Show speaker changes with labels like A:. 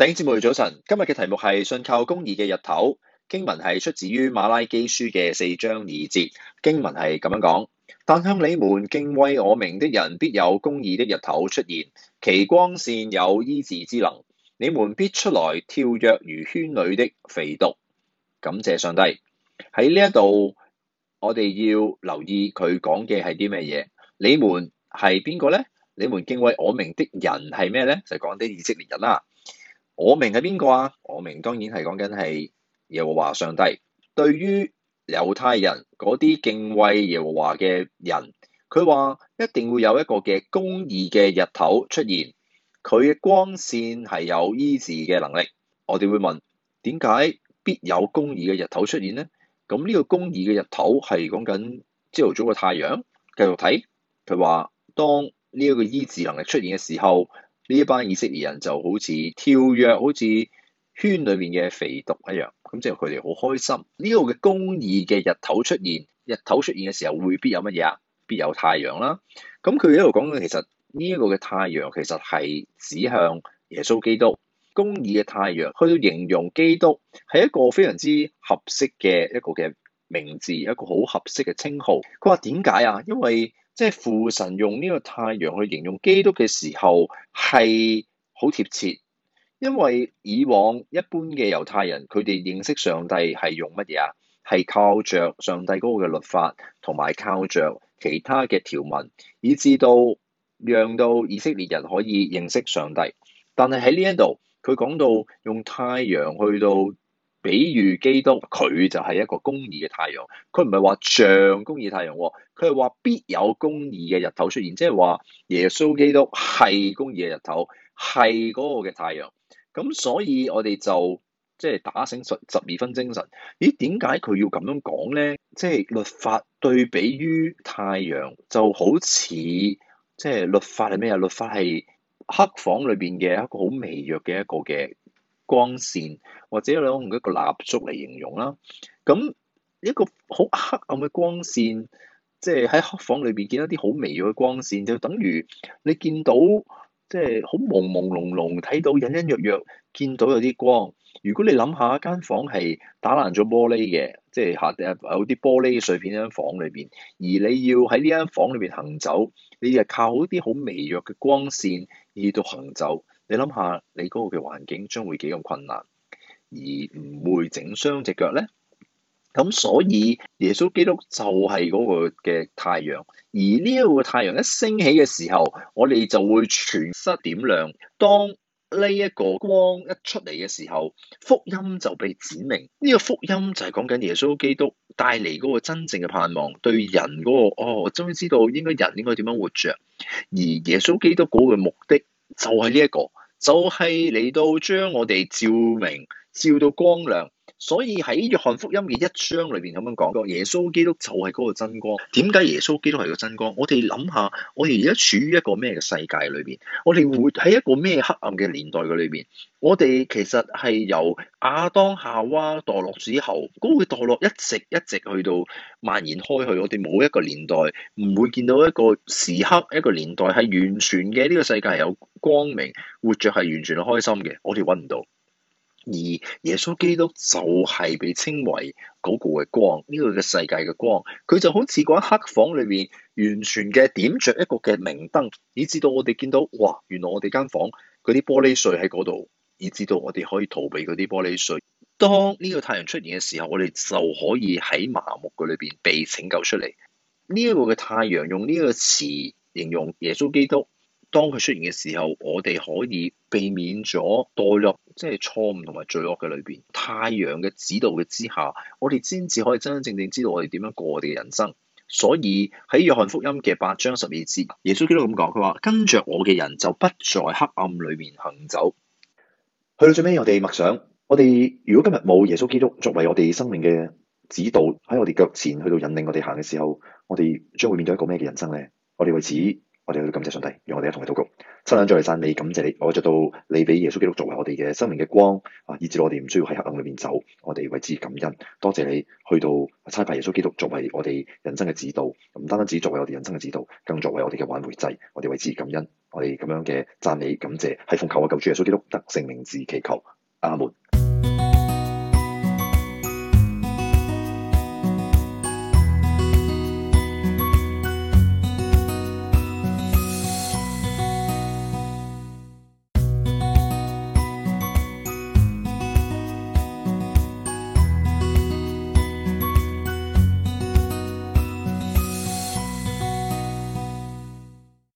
A: 弟兄姊妹早晨，今日嘅題目係信靠公義嘅日頭。經文係出自於馬拉基書嘅四章二節，經文係咁樣講：但向你們敬畏我名的人必有公義的日頭出現，其光線有醫治之能，你們必出來跳躍如圈裏的肥犢。」感謝上帝喺呢一度，我哋要留意佢講嘅係啲咩嘢？你們係邊個呢？你們敬畏我名的人係咩呢？就講啲以色列人啦。我名係邊個啊？我名當然係講緊係耶和華上帝。對於猶太人嗰啲敬畏耶和華嘅人，佢話一定會有一個嘅公義嘅日頭出現。佢嘅光線係有醫治嘅能力。我哋會問點解必有公義嘅日頭出現呢？咁呢個公義嘅日頭係講緊朝頭早嘅太陽。繼續睇，佢話當呢一個醫治能力出現嘅時候。呢一班以色列人就好似跳躍，好似圈裏面嘅肥犢一樣，咁即係佢哋好開心。呢個嘅公義嘅日頭出現，日頭出現嘅時候，會必有乜嘢啊？必有太陽啦。咁佢一路講緊，其實呢一個嘅太陽其實係指向耶穌基督。公義嘅太陽去到形容基督，係一個非常之合適嘅一個嘅名字，一個好合適嘅稱號。佢話點解啊？因為即係父神用呢個太陽去形容基督嘅時候係好貼切，因為以往一般嘅猶太人佢哋認識上帝係用乜嘢？啊？係靠着上帝嗰個嘅律法，同埋靠着其他嘅條文，以至到讓到以色列人可以認識上帝。但係喺呢一度，佢講到用太陽去到。比喻基督，佢就係一個公義嘅太陽，佢唔係話像公義太陽，佢係話必有公義嘅日頭出現，即係話耶穌基督係公義嘅日頭，係嗰個嘅太陽。咁所以我哋就即係打醒十十二分精神。咦？點解佢要咁樣講咧？即係律法對比於太陽，就好似即係律法係咩啊？律法係黑房裏邊嘅一個好微弱嘅一個嘅。光線，或者你用一個蠟燭嚟形容啦。咁一個好黑暗嘅光線，即係喺黑房裏邊見到啲好微弱嘅光線，就等於你見到即係好朦朦朧朧，睇到隱隱約約，見到有啲光。如果你諗下一間房係打爛咗玻璃嘅，即係下有啲玻璃碎片喺間房裏邊，而你要喺呢間房裏邊行走，你就靠好啲好微弱嘅光線而去到行走。你諗下，你嗰個嘅環境將會幾咁困難，而唔會整傷隻腳咧？咁所以耶穌基督就係嗰個嘅太陽，而呢一個太陽一升起嘅時候，我哋就會全失點亮。當呢一個光一出嚟嘅時候，福音就被指明。呢個福音就係講緊耶穌基督帶嚟嗰個真正嘅盼望，對人嗰個哦，我終於知道應該人應該點樣活着。而耶穌基督嗰個的目的就係呢一個。就係嚟到將我哋照明，照到光亮。所以喺約翰福音嘅一章裏邊噉樣講，講耶穌基督就係嗰個真光。點解耶穌基督係個真光？我哋諗下，我哋而家處於一個咩嘅世界裏邊？我哋會喺一個咩黑暗嘅年代嘅裏邊？我哋其實係由亞當夏娃墮落之後，嗰個墮落一直一直去到蔓延開去。我哋冇一個年代唔會見到一個時刻，一個年代係完全嘅呢個世界係有光明活著係完全開心嘅。我哋搵唔到。而耶穌基督就係被稱為嗰個嘅光，呢個嘅世界嘅光，佢就好似嗰一黑房裏面完全嘅點着一個嘅明燈，以至到我哋見到，哇！原來我哋間房嗰啲玻璃碎喺嗰度，以至到我哋可以逃避嗰啲玻璃碎。當呢個太陽出現嘅時候，我哋就可以喺麻木嘅裏邊被拯救出嚟。呢一個嘅太陽用呢個詞形容耶穌基督。當佢出現嘅時候，我哋可以避免咗墮落，即係錯誤同埋罪惡嘅裏邊。太陽嘅指導嘅之下，我哋先至可以真真正正知道我哋點樣過我哋嘅人生。所以喺約翰福音嘅八章十二節，耶穌基督咁講，佢話：跟着我嘅人就不在黑暗裏面行走。
B: 去到最尾，我哋默想，我哋如果今日冇耶穌基督作為我哋生命嘅指導，喺我哋腳前去到引領我哋行嘅時候，我哋將會面對一個咩嘅人生咧？我哋為此。我哋去感謝上帝，讓我哋一同去禱告。同樣再嚟讚你，感謝你，我着到你俾耶穌基督作為我哋嘅生命嘅光啊，以致我哋唔需要喺黑暗裏面走。我哋為之感恩，多謝你去到差派耶穌基督作為我哋人生嘅指導，唔單單只作為我哋人生嘅指導，更作為我哋嘅挽回祭。我哋為之感恩，我哋咁樣嘅讚你感謝，係奉求我救主耶穌基督得聖名字祈求阿門。